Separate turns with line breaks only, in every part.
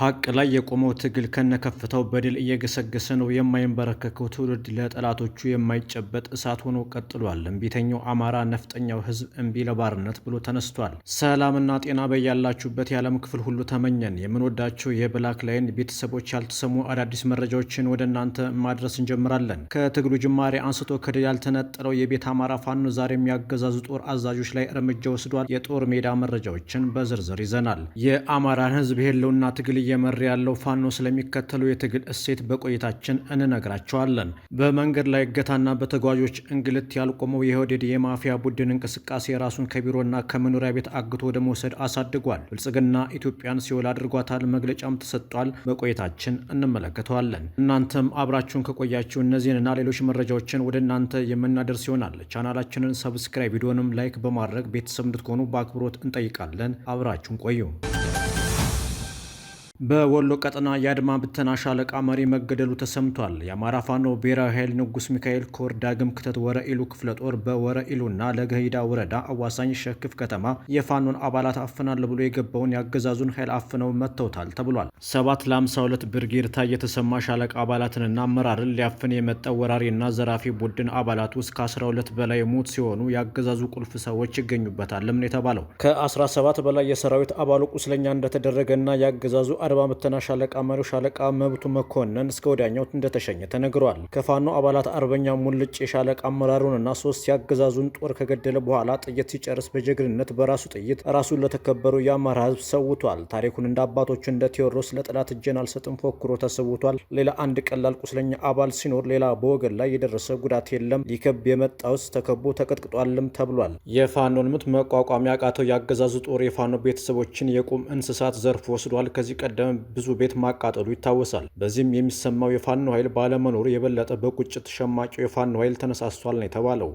ሀቅ ላይ የቆመው ትግል ከነከፍታው በድል እየገሰገሰ ነው። የማይንበረከከው ትውልድ ለጠላቶቹ የማይጨበጥ እሳት ሆኖ ቀጥሏል። እምቢተኛው አማራ፣ ነፍጠኛው ህዝብ እምቢ ለባርነት ብሎ ተነስቷል። ሰላምና ጤና በያላችሁበት የዓለም ክፍል ሁሉ ተመኘን። የምንወዳቸው የብላክ ላይን ቤተሰቦች ያልተሰሙ አዳዲስ መረጃዎችን ወደ እናንተ ማድረስ እንጀምራለን። ከትግሉ ጅማሬ አንስቶ ከድል ያልተነጠለው የቤት አማራ ፋኖ ዛር የሚያገዛዙ ጦር አዛዦች ላይ እርምጃ ወስዷል። የጦር ሜዳ መረጃዎችን በዝርዝር ይዘናል። የአማራን ህዝብ የህልውና ትግል እየመር ያለው ፋኖ ስለሚከተለው የትግል እሴት በቆይታችን እንነግራቸዋለን። በመንገድ ላይ እገታና በተጓዦች እንግልት ያልቆመው የኦህዴድ የማፊያ ቡድን እንቅስቃሴ ራሱን ከቢሮና ከመኖሪያ ቤት አግቶ ወደ መውሰድ አሳድጓል። ብልጽግና ኢትዮጵያን ሲወል አድርጓታል። መግለጫም ተሰጥቷል። በቆይታችን እንመለከተዋለን። እናንተም አብራችሁን ከቆያችሁ እነዚህንና ሌሎች መረጃዎችን ወደ እናንተ የምናደርስ ይሆናል። ቻናላችንን ሰብስክራይብ፣ ቪዲዮንም ላይክ በማድረግ ቤተሰብ እንድትሆኑ በአክብሮት እንጠይቃለን። አብራችሁን ቆዩ። በወሎ ቀጠና የአድማ ብተና ሻለቃ መሪ መገደሉ ተሰምቷል። የአማራ ፋኖ ብሔራዊ ኃይል ንጉስ ሚካኤል ኮር ዳግም ክተት ወረኢሉ ክፍለ ጦር በወረኢሉና ለገሂዳ ወረዳ አዋሳኝ ሸክፍ ከተማ የፋኖን አባላት አፍናል ብሎ የገባውን የአገዛዙን ኃይል አፍነው መጥተውታል ተብሏል። ሰባት ለአምሳ ሁለት ብርጌርታ የተሰማ ሻለቃ አባላትንና አመራርን ሊያፍን የመጣው ወራሪና ዘራፊ ቡድን አባላት ውስጥ ከ12 በላይ ሞት ሲሆኑ የአገዛዙ ቁልፍ ሰዎች ይገኙበታል። ለምን የተባለው ከአስራ 17 በላይ የሰራዊት አባሉ ቁስለኛ እንደተደረገና የአገዛዙ አርባ መተና ሻለቃ መሪው ሻለቃ መብቱ መኮንን እስከ ወዲያኛው እንደተሸኘ ተነግሯል። ከፋኖ አባላት አርበኛ ሙልጭ የሻለቃ አመራሩንና ሶስት ያገዛዙን ጦር ከገደለ በኋላ ጥይት ሲጨርስ በጀግንነት በራሱ ጥይት ራሱን ለተከበሩ የአማራ ህዝብ ሰውቷል። ታሪኩን እንደ አባቶች እንደ ቴዎድሮስ ለጠላት እጄን አልሰጥም ፎክሮ ተሰውቷል። ሌላ አንድ ቀላል ቁስለኛ አባል ሲኖር ሌላ በወገን ላይ የደረሰ ጉዳት የለም። ሊከብ የመጣውስ ተከቦ ተቀጥቅጧልም ተብሏል። የፋኖን ምት መቋቋም ያቃተው ያገዛዙ ጦር የፋኖ ቤተሰቦችን የቁም እንስሳት ዘርፎ ወስዷል። ከዚህ ቀደም ቀደም ብዙ ቤት ማቃጠሉ ይታወሳል። በዚህም የሚሰማው የፋኖ ኃይል ባለመኖሩ የበለጠ በቁጭት ሸማቂው የፋኖ ኃይል ተነሳስቷል ነው የተባለው።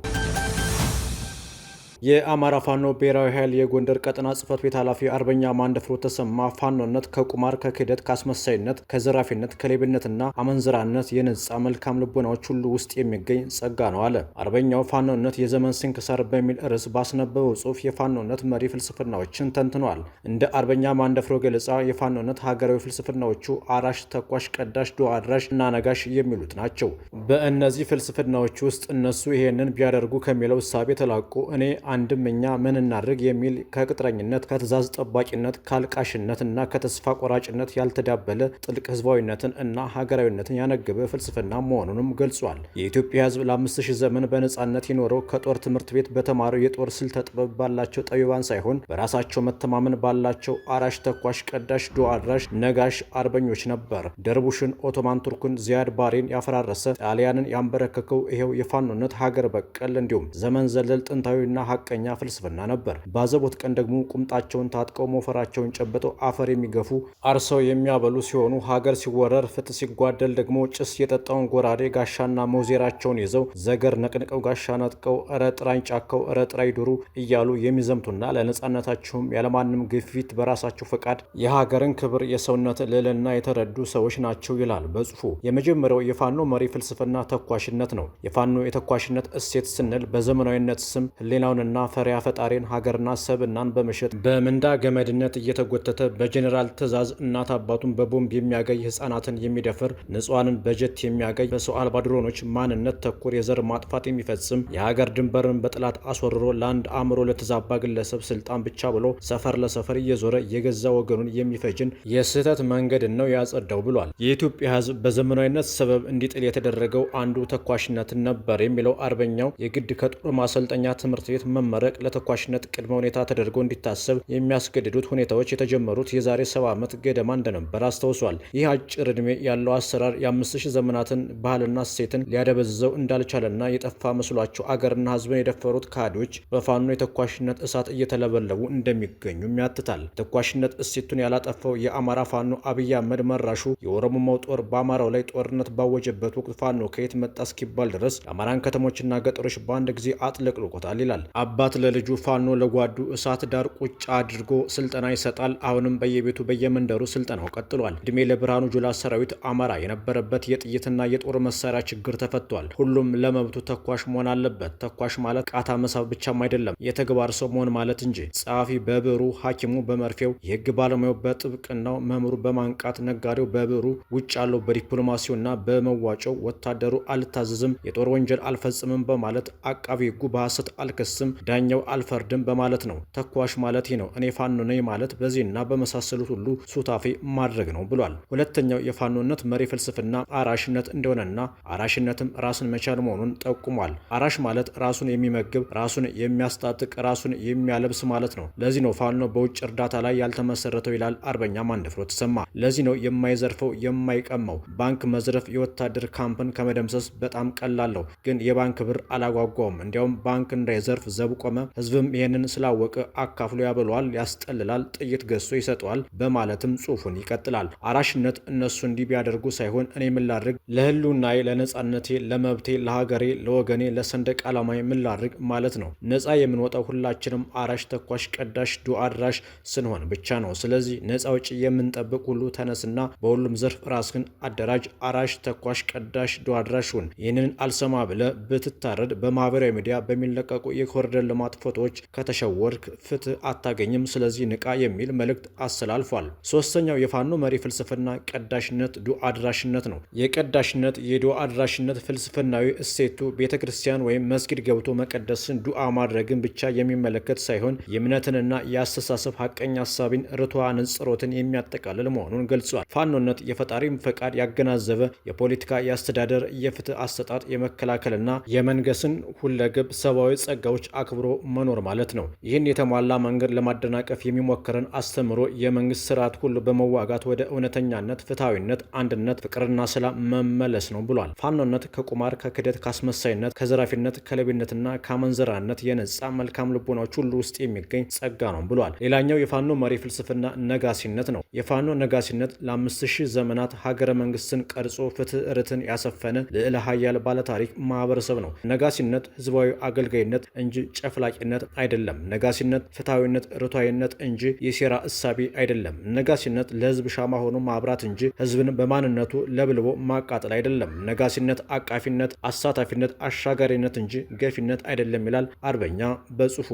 የአማራ ፋኖ ብሔራዊ ኃይል የጎንደር ቀጠና ጽህፈት ቤት ኃላፊ አርበኛ ማንደፍሮ ተሰማ ፋኖነት ከቁማር፣ ከክህደት፣ ከአስመሳይነት፣ ከዘራፊነት፣ ከሌብነትና አመንዝራነት የነጻ መልካም ልቦናዎች ሁሉ ውስጥ የሚገኝ ጸጋ ነው አለ። አርበኛው ፋኖነት የዘመን ስንክሳር በሚል ርዕስ ባስነበበው ጽሁፍ የፋኖነት መሪ ፍልስፍናዎችን ተንትኗል። እንደ አርበኛ ማንደፍሮ ገለጻ የፋኖነት ሀገራዊ ፍልስፍናዎቹ አራሽ፣ ተኳሽ፣ ቀዳሽ፣ ዶ አድራሽ እና ነጋሽ የሚሉት ናቸው። በእነዚህ ፍልስፍናዎች ውስጥ እነሱ ይሄንን ቢያደርጉ ከሚለው እሳቤ ተላቆ እኔ አንድም እኛ ምን እናድርግ የሚል ከቅጥረኝነት፣ ከትእዛዝ ጠባቂነት፣ ከአልቃሽነት እና ከተስፋ ቆራጭነት ያልተዳበለ ጥልቅ ህዝባዊነትን እና ሀገራዊነትን ያነገበ ፍልስፍና መሆኑንም ገልጿል። የኢትዮጵያ ህዝብ ለ ሺህ ዘመን በነጻነት የኖረው ከጦር ትምህርት ቤት በተማረው የጦር ስልተ ጥበብ ባላቸው ጠቢባን ሳይሆን በራሳቸው መተማመን ባላቸው አራሽ፣ ተኳሽ፣ ቀዳሽ፣ ዱ አድራሽ፣ ነጋሽ አርበኞች ነበር። ደርቡሽን፣ ኦቶማን ቱርኩን፣ ዚያድ ባሬን ያፈራረሰ ጣሊያንን ያንበረከከው ይሄው የፋኖነት ሀገር በቀል እንዲሁም ዘመን ዘለል ጥንታዊና ሀቀኛ ፍልስፍና ነበር። ባዘቦት ቀን ደግሞ ቁምጣቸውን ታጥቀው ሞፈራቸውን ጨብጠው አፈር የሚገፉ አርሰው የሚያበሉ ሲሆኑ ሀገር ሲወረር ፍትህ ሲጓደል ደግሞ ጭስ የጠጣውን ጎራዴ ጋሻና መውዜራቸውን ይዘው ዘገር ነቅንቀው ጋሻ ነጥቀው እረ ጥራኝ ጫካው እረ ጥራኝ ዱሩ እያሉ የሚዘምቱና ለነጻነታቸውም ያለማንም ግፊት በራሳቸው ፈቃድ የሀገርን ክብር የሰውነት ልዕልና የተረዱ ሰዎች ናቸው ይላል በጽሁፉ። የመጀመሪያው የፋኖ መሪ ፍልስፍና ተኳሽነት ነው። የፋኖ የተኳሽነት እሴት ስንል በዘመናዊነት ስም ህሌናውንና እና ፈሪያ ፈጣሪን ሀገርና ሰብናን በመሸጥ በምንዳ ገመድነት እየተጎተተ በጀኔራል ትዕዛዝ እናት አባቱን በቦምብ የሚያገኝ ህጻናትን የሚደፍር ንጹሐንን በጀት የሚያገኝ በሰው አልባ ድሮኖች ማንነት ተኮር የዘር ማጥፋት የሚፈጽም የሀገር ድንበርን በጥላት አስወርሮ ለአንድ አእምሮ ለተዛባ ግለሰብ ስልጣን ብቻ ብሎ ሰፈር ለሰፈር እየዞረ የገዛ ወገኑን የሚፈጅን የስህተት መንገድን ነው ያጸዳው ብሏል። የኢትዮጵያ ህዝብ በዘመናዊነት ሰበብ እንዲጥል የተደረገው አንዱ ተኳሽነትን ነበር የሚለው አርበኛው የግድ ከጦር ማሰልጠኛ ትምህርት ቤት መመረቅ ለተኳሽነት ቅድመ ሁኔታ ተደርጎ እንዲታሰብ የሚያስገድዱት ሁኔታዎች የተጀመሩት የዛሬ ሰባ ዓመት ገደማ እንደነበር አስታውሷል። ይህ አጭር ዕድሜ ያለው አሰራር የአምስት ሺህ ዘመናትን ባህልና እሴትን ሊያደበዝዘው እንዳልቻለና የጠፋ መስሏቸው አገርና ሕዝብን የደፈሩት ካህዶች በፋኖ የተኳሽነት እሳት እየተለበለቡ እንደሚገኙም ያትታል። ተኳሽነት እሴቱን ያላጠፋው የአማራ ፋኖ አብይ አህመድ መራሹ የኦሮሞማው ጦር በአማራው ላይ ጦርነት ባወጀበት ወቅት ፋኖ ከየት መጣ እስኪባል ድረስ የአማራን ከተሞችና ገጠሮች በአንድ ጊዜ አጥለቅልቆታል ይላል። አባት ለልጁ ፋኖ ለጓዱ እሳት ዳር ቁጭ አድርጎ ስልጠና ይሰጣል። አሁንም በየቤቱ በየመንደሩ ስልጠናው ቀጥሏል። እድሜ ለብርሃኑ ጁላ ሰራዊት አማራ የነበረበት የጥይትና የጦር መሳሪያ ችግር ተፈቷል። ሁሉም ለመብቱ ተኳሽ መሆን አለበት። ተኳሽ ማለት ቃታ መሳብ ብቻም አይደለም፣ የተግባር ሰው መሆን ማለት እንጂ። ጸሐፊ በብዕሩ፣ ሐኪሙ በመርፌው፣ የህግ ባለሙያው በጥብቅናው፣ መምህሩ በማንቃት፣ ነጋዴው በብዕሩ፣ ውጭ ያለው በዲፕሎማሲውና በመዋጮው፣ ወታደሩ አልታዘዝም፣ የጦር ወንጀል አልፈጽምም በማለት አቃቢ ህጉ በሐሰት አልከስም ቢሆንም ዳኛው አልፈርድም በማለት ነው። ተኳሽ ማለት ነው፣ እኔ ፋኖ ነኝ ማለት በዚህና በመሳሰሉት ሁሉ ሱታፌ ማድረግ ነው ብሏል። ሁለተኛው የፋኖነት መሪ ፍልስፍና አራሽነት እንደሆነና አራሽነትም ራስን መቻል መሆኑን ጠቁሟል። አራሽ ማለት ራሱን የሚመግብ ራሱን የሚያስታጥቅ ራሱን የሚያለብስ ማለት ነው። ለዚህ ነው ፋኖ በውጭ እርዳታ ላይ ያልተመሰረተው ይላል አርበኛ ማንደፍሮ ተሰማ። ለዚህ ነው የማይዘርፈው የማይቀመው። ባንክ መዝረፍ የወታደር ካምፕን ከመደምሰስ በጣም ቀላል ነው፣ ግን የባንክ ብር አላጓጓውም። እንዲያውም ባንክ እንዳይዘርፍ ገንዘብ ቆመ። ህዝብም ይህንን ስላወቀ አካፍሎ ያበሏል፣ ያስጠልላል፣ ጥይት ገዝቶ ይሰጠዋል በማለትም ጽሑፉን ይቀጥላል። አራሽነት እነሱ እንዲህ ቢያደርጉ ሳይሆን እኔ ምላድርግ ለህልውናዬ ለነጻነቴ፣ ለመብቴ፣ ለሀገሬ፣ ለወገኔ፣ ለሰንደቅ ዓላማዬ ምላድርግ ማለት ነው። ነጻ የምንወጣው ሁላችንም አራሽ፣ ተኳሽ፣ ቀዳሽ፣ ዱአ አድራሽ ስንሆን ብቻ ነው። ስለዚህ ነጻ ውጭ የምንጠብቅ ሁሉ ተነስና በሁሉም ዘርፍ ራስህን አደራጅ፣ አራሽ፣ ተኳሽ፣ ቀዳሽ፣ ዱአ አድራሽ ሁን። ይህንን አልሰማ ብለ ብትታረድ በማህበራዊ ሚዲያ በሚለቀቁ የኮር የኮሪደር ልማት ፎቶዎች ከተሸወርክ ፍትህ አታገኝም፣ ስለዚህ ንቃ የሚል መልእክት አስተላልፏል። ሶስተኛው የፋኖ መሪ ፍልስፍና ቀዳሽነት፣ ዱ አድራሽነት ነው። የቀዳሽነት የዱ አድራሽነት ፍልስፍናዊ እሴቱ ቤተ ክርስቲያን ወይም መስጊድ ገብቶ መቀደስን ዱዓ ማድረግን ብቻ የሚመለከት ሳይሆን የእምነትንና የአስተሳሰብ ሀቀኛ ሀሳቢን ርቱዓንን ጸሎትን የሚያጠቃልል መሆኑን ገልጿል። ፋኖነት የፈጣሪም ፈቃድ ያገናዘበ የፖለቲካ፣ የአስተዳደር፣ የፍትህ አሰጣጥ፣ የመከላከልና የመንገስን ሁለገብ ሰብአዊ ጸጋዎች አክብሮ መኖር ማለት ነው። ይህን የተሟላ መንገድ ለማደናቀፍ የሚሞክርን አስተምሮ የመንግስት ስርዓት ሁሉ በመዋጋት ወደ እውነተኛነት፣ ፍትሐዊነት፣ አንድነት፣ ፍቅርና ሰላም መመለስ ነው ብሏል። ፋኖነት ከቁማር፣ ከክደት፣ ከአስመሳይነት፣ ከዘራፊነት፣ ከለቢነትና ከመንዘራነት የነጻ መልካም ልቦናዎች ሁሉ ውስጥ የሚገኝ ጸጋ ነው ብሏል። ሌላኛው የፋኖ መሪ ፍልስፍና ነጋሲነት ነው። የፋኖ ነጋሲነት ለአምስት ሺህ ዘመናት ሀገረ መንግስትን ቀርጾ ፍትህ ርትን ያሰፈነ ልዕለ ሀያል ባለታሪክ ማህበረሰብ ነው። ነጋሲነት ህዝባዊ አገልጋይነት እንጂ ጨፍላቂነት አይደለም። ነጋሲነት ፍትሐዊነት፣ ርቷዊነት እንጂ የሴራ እሳቤ አይደለም። ነጋሲነት ለህዝብ ሻማ ሆኖ ማብራት እንጂ ህዝብን በማንነቱ ለብልቦ ማቃጠል አይደለም። ነጋሲነት አቃፊነት፣ አሳታፊነት፣ አሻጋሪነት እንጂ ገፊነት አይደለም ይላል አርበኛ በጽሁፉ።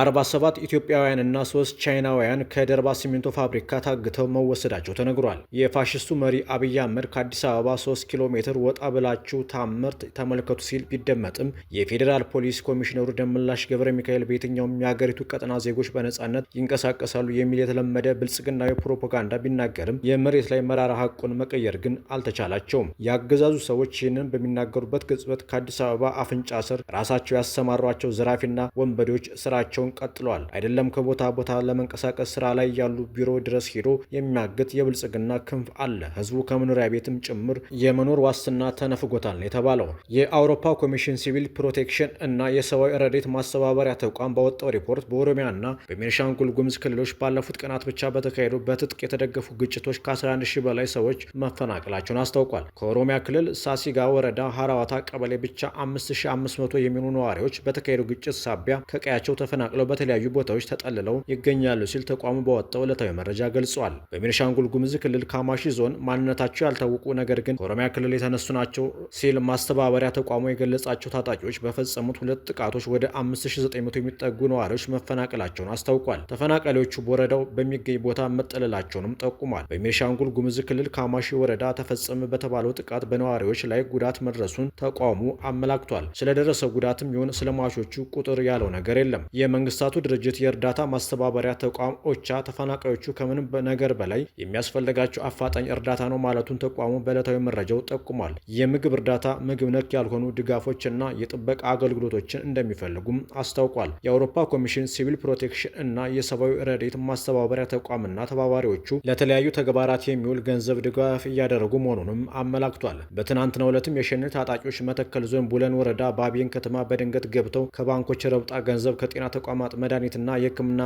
47 ኢትዮጵያውያንና ሶስት ቻይናውያን ከደርባ ሲሚንቶ ፋብሪካ ታግተው መወሰዳቸው ተነግሯል። የፋሽስቱ መሪ አብይ አህመድ ከአዲስ አበባ 3 ኪሎ ሜትር ወጣ ብላችሁ ታምርት ተመልከቱ ሲል ቢደመጥም የፌዴራል ፖሊስ ኮሚሽነሩ ደመላሽ ገብረ ሚካኤል በየትኛውም የሀገሪቱ ቀጠና ዜጎች በነጻነት ይንቀሳቀሳሉ የሚል የተለመደ ብልጽግናዊ ፕሮፓጋንዳ ቢናገርም የመሬት ላይ መራራ ሀቁን መቀየር ግን አልተቻላቸውም። የአገዛዙ ሰዎች ይህንን በሚናገሩበት ቅጽበት ከአዲስ አበባ አፍንጫ ስር ራሳቸው ያሰማሯቸው ዘራፊና ወንበዴዎች ስራቸው ስራቸውን ቀጥለዋል። አይደለም ከቦታ ቦታ ለመንቀሳቀስ ስራ ላይ ያሉ ቢሮ ድረስ ሄዶ የሚያግት የብልጽግና ክንፍ አለ። ህዝቡ ከመኖሪያ ቤትም ጭምር የመኖር ዋስትና ተነፍጎታል የተባለው የአውሮፓ ኮሚሽን ሲቪል ፕሮቴክሽን እና የሰብአዊ ረዴት ማስተባበሪያ ተቋም ባወጣው ሪፖርት በኦሮሚያና በቤኒሻንጉል ጉሙዝ ክልሎች ባለፉት ቀናት ብቻ በተካሄዱ በትጥቅ የተደገፉ ግጭቶች ከ11 ሺህ በላይ ሰዎች መፈናቀላቸውን አስታውቋል። ከኦሮሚያ ክልል ሳሲጋ ወረዳ ሀራዋታ ቀበሌ ብቻ 5500 የሚሆኑ ነዋሪዎች በተካሄዱ ግጭት ሳቢያ ከቀያቸው ተፈናቅ ተፈናቅለው በተለያዩ ቦታዎች ተጠልለው ይገኛሉ ሲል ተቋሙ በወጣው ዕለታዊ መረጃ ገልጿል። በቤኒሻንጉል ጉሙዝ ክልል ካማሺ ዞን ማንነታቸው ያልታወቁ ነገር ግን ከኦሮሚያ ክልል የተነሱ ናቸው ሲል ማስተባበሪያ ተቋሙ የገለጻቸው ታጣቂዎች በፈጸሙት ሁለት ጥቃቶች ወደ 5900 የሚጠጉ ነዋሪዎች መፈናቀላቸውን አስታውቋል። ተፈናቃሪዎቹ በወረዳው በሚገኝ ቦታ መጠለላቸውንም ጠቁሟል። በቤኒሻንጉል ጉሙዝ ክልል ካማሺ ወረዳ ተፈጸመ በተባለው ጥቃት በነዋሪዎች ላይ ጉዳት መድረሱን ተቋሙ አመላክቷል። ስለደረሰው ጉዳትም ይሁን ስለሟቾቹ ቁጥር ያለው ነገር የለም። የመንግስታቱ ድርጅት የእርዳታ ማስተባበሪያ ተቋም ኦቻ ተፈናቃዮቹ ከምንም ነገር በላይ የሚያስፈልጋቸው አፋጣኝ እርዳታ ነው ማለቱን ተቋሙ በዕለታዊ መረጃው ጠቁሟል። የምግብ እርዳታ፣ ምግብ ነክ ያልሆኑ ድጋፎችና የጥበቃ አገልግሎቶችን እንደሚፈልጉም አስታውቋል። የአውሮፓ ኮሚሽን ሲቪል ፕሮቴክሽን እና የሰብአዊ ረዴት ማስተባበሪያ ተቋምና ተባባሪዎቹ ለተለያዩ ተግባራት የሚውል ገንዘብ ድጋፍ እያደረጉ መሆኑንም አመላክቷል። በትናንትናው ዕለትም የሸኔ ታጣቂዎች መተከል ዞን ቡለን ወረዳ ባቤን ከተማ በድንገት ገብተው ከባንኮች ረብጣ ገንዘብ ከጤና ተቋም ተቋማት መድኃኒትና የሕክምና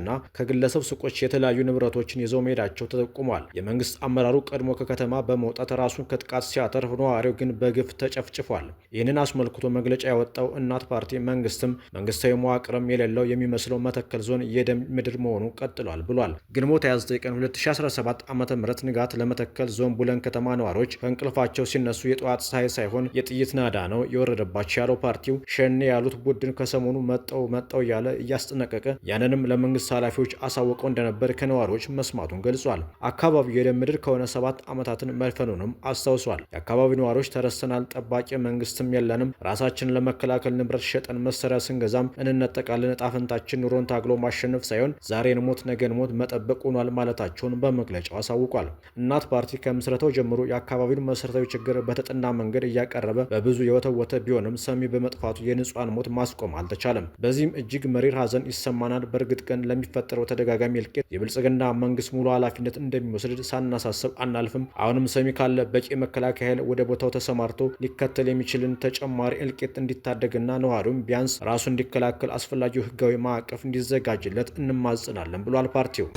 እና ከግለሰብ ሱቆች የተለያዩ ንብረቶችን ይዘው መሄዳቸው ተጠቁሟል። የመንግስት አመራሩ ቀድሞ ከከተማ በመውጣት ራሱን ከጥቃት ሲያተርፍ፣ ነዋሪው ግን በግፍ ተጨፍጭፏል። ይህንን አስመልክቶ መግለጫ ያወጣው እናት ፓርቲ መንግስትም መንግስታዊ መዋቅርም የሌለው የሚመስለው መተከል ዞን የደም ምድር መሆኑ ቀጥሏል ብሏል። ግንቦት 29 ቀን 2017 ዓ ም ንጋት ለመተከል ዞን ቡለን ከተማ ነዋሪዎች ከእንቅልፋቸው ሲነሱ የጠዋት ፀሐይ ሳይሆን የጥይት ናዳ ነው የወረደባቸው ያለው ፓርቲው ሸኔ ያሉት ቡድን ከሰሞኑ መጠው መጣው እያለ እያስጠነቀቀ ያንንም ለመንግስት ኃላፊዎች አሳውቀው እንደነበር ከነዋሪዎች መስማቱን ገልጿል። አካባቢው የደም ምድር ከሆነ ሰባት ዓመታትን መድፈኑንም አስታውሷል። የአካባቢው ነዋሪዎች ተረስተናል፣ ጠባቂ መንግስትም የለንም፣ ራሳችንን ለመከላከል ንብረት ሸጠን መሳሪያ ስንገዛም እንነጠቃለን። እጣፈንታችን ኑሮን ታግሎ ማሸነፍ ሳይሆን ዛሬን ሞት ነገን ሞት መጠበቅ ሆኗል ማለታቸውን በመግለጫው አሳውቋል። እናት ፓርቲ ከምስረተው ጀምሮ የአካባቢውን መሰረታዊ ችግር በተጠና መንገድ እያቀረበ በብዙ የወተወተ ቢሆንም ሰሚ በመጥፋቱ የንጹሐን ሞት ማስቆም አልተቻለም። በዚህም እጅግ መሪር ሀዘን ይሰማናል። በእርግጥ ቀን ለሚፈጠረው ተደጋጋሚ እልቂት የብልጽግና መንግስት ሙሉ ኃላፊነት እንደሚወስድ ሳናሳስብ አናልፍም። አሁንም ሰሚ ካለ በቂ መከላከያ ኃይል ወደ ቦታው ተሰማርቶ ሊከተል የሚችልን ተጨማሪ እልቂት እንዲታደግና ነዋሪውም ቢያንስ ራሱ እንዲከላከል አስፈላጊው ህጋዊ ማዕቀፍ እንዲዘጋጅለት እንማጽናለን ብሏል ፓርቲው።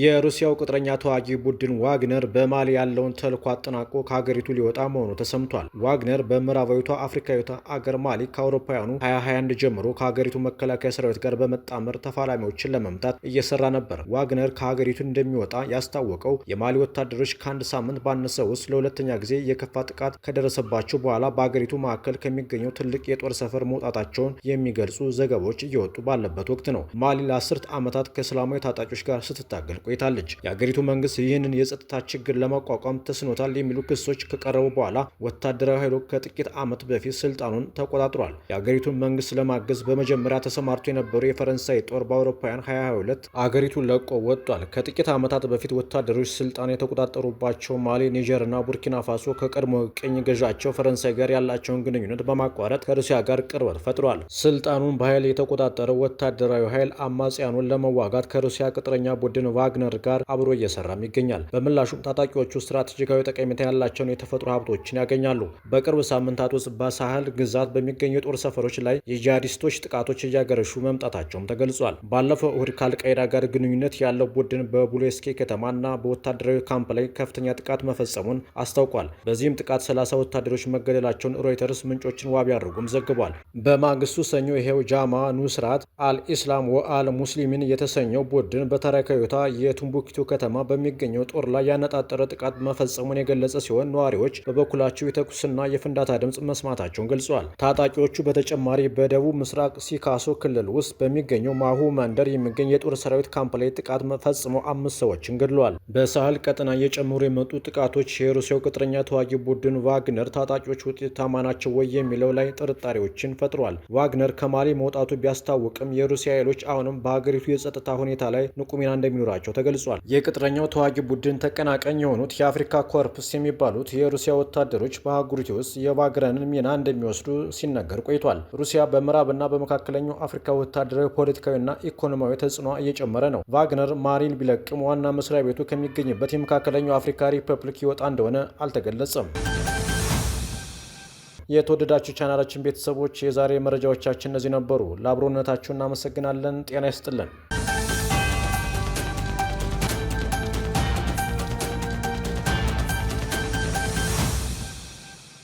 የሩሲያው ቅጥረኛ ተዋጊ ቡድን ዋግነር በማሊ ያለውን ተልኮ አጠናቆ ከሀገሪቱ ሊወጣ መሆኑ ተሰምቷል። ዋግነር በምዕራባዊቷ አፍሪካዊቷ አገር ማሊ ከአውሮፓውያኑ 2021 ጀምሮ ከሀገሪቱ መከላከያ ሰራዊት ጋር በመጣመር ተፋላሚዎችን ለመምታት እየሰራ ነበር። ዋግነር ከሀገሪቱ እንደሚወጣ ያስታወቀው የማሊ ወታደሮች ከአንድ ሳምንት ባነሰ ውስጥ ለሁለተኛ ጊዜ የከፋ ጥቃት ከደረሰባቸው በኋላ በሀገሪቱ መካከል ከሚገኘው ትልቅ የጦር ሰፈር መውጣታቸውን የሚገልጹ ዘገባዎች እየወጡ ባለበት ወቅት ነው። ማሊ ለአስርት ዓመታት ከእስላማዊ ታጣቂዎች ጋር ስትታገል ቆይታለች። የአገሪቱ መንግስት ይህንን የጸጥታ ችግር ለማቋቋም ተስኖታል የሚሉ ክሶች ከቀረቡ በኋላ ወታደራዊ ኃይሉ ከጥቂት ዓመት በፊት ስልጣኑን ተቆጣጥሯል። የአገሪቱን መንግስት ለማገዝ በመጀመሪያ ተሰማርቶ የነበሩ የፈረንሳይ ጦር በአውሮፓውያን 2022 አገሪቱ ለቆ ወጥቷል። ከጥቂት ዓመታት በፊት ወታደሮች ስልጣን የተቆጣጠሩባቸው ማሊ፣ ኒጀር እና ቡርኪና ፋሶ ከቀድሞ ቅኝ ገዣቸው ፈረንሳይ ጋር ያላቸውን ግንኙነት በማቋረጥ ከሩሲያ ጋር ቅርበት ፈጥሯል። ስልጣኑን በኃይል የተቆጣጠረው ወታደራዊ ኃይል አማጽያኑን ለመዋጋት ከሩሲያ ቅጥረኛ ቡድን ከቫግነር ጋር አብሮ እየሰራም ይገኛል። በምላሹም ታጣቂዎቹ ስትራቴጂካዊ ጠቀሜታ ያላቸውን የተፈጥሮ ሀብቶችን ያገኛሉ። በቅርብ ሳምንታት ውስጥ በሳህል ግዛት በሚገኙ የጦር ሰፈሮች ላይ የጂሃዲስቶች ጥቃቶች እያገረሹ መምጣታቸውም ተገልጿል። ባለፈው እሁድ ከአልቃይዳ ጋር ግንኙነት ያለው ቡድን በቡሌስኬ ከተማና በወታደራዊ ካምፕ ላይ ከፍተኛ ጥቃት መፈጸሙን አስታውቋል። በዚህም ጥቃት 30 ወታደሮች መገደላቸውን ሮይተርስ ምንጮችን ዋቢ አድርጎም ዘግቧል። በማግስቱ ሰኞ ይሄው ጃማ ኑስራት አልኢስላም ወአል ሙስሊሚን የተሰኘው ቡድን በተረካዮታ የቱምቡክቱ ከተማ በሚገኘው ጦር ላይ ያነጣጠረ ጥቃት መፈጸሙን የገለጸ ሲሆን ነዋሪዎች በበኩላቸው የተኩስና የፍንዳታ ድምፅ መስማታቸውን ገልጿል። ታጣቂዎቹ በተጨማሪ በደቡብ ምስራቅ ሲካሶ ክልል ውስጥ በሚገኘው ማሁ መንደር የሚገኝ የጦር ሰራዊት ካምፕ ላይ ጥቃት ፈጽመው አምስት ሰዎችን ገድለዋል። በሳህል ቀጠና እየጨመሩ የመጡ ጥቃቶች የሩሲያው ቅጥረኛ ተዋጊ ቡድን ዋግነር ታጣቂዎች ውጤታማ ናቸው ወይ የሚለው ላይ ጥርጣሬዎችን ፈጥሯል። ዋግነር ከማሊ መውጣቱ ቢያስታውቅም የሩሲያ ኃይሎች አሁንም በሀገሪቱ የጸጥታ ሁኔታ ላይ ንቁ ሚና እንደሚኖራቸው መሆናቸው ተገልጿል። የቅጥረኛው ተዋጊ ቡድን ተቀናቃኝ የሆኑት የአፍሪካ ኮርፕስ የሚባሉት የሩሲያ ወታደሮች በአህጉሪቱ ውስጥ የባግረንን ሚና እንደሚወስዱ ሲነገር ቆይቷል። ሩሲያ በምዕራብና በመካከለኛው አፍሪካ ወታደራዊ ፖለቲካዊና ኢኮኖሚያዊ ተጽዕኖ እየጨመረ ነው። ቫግነር ማሪን ቢለቅም ዋና መስሪያ ቤቱ ከሚገኝበት የመካከለኛው አፍሪካ ሪፐብሊክ ይወጣ እንደሆነ አልተገለጸም። የተወደዳችሁ ቻናላችን ቤተሰቦች የዛሬ መረጃዎቻችን እነዚህ ነበሩ። ለአብሮነታችሁ እናመሰግናለን። ጤና ይስጥልን።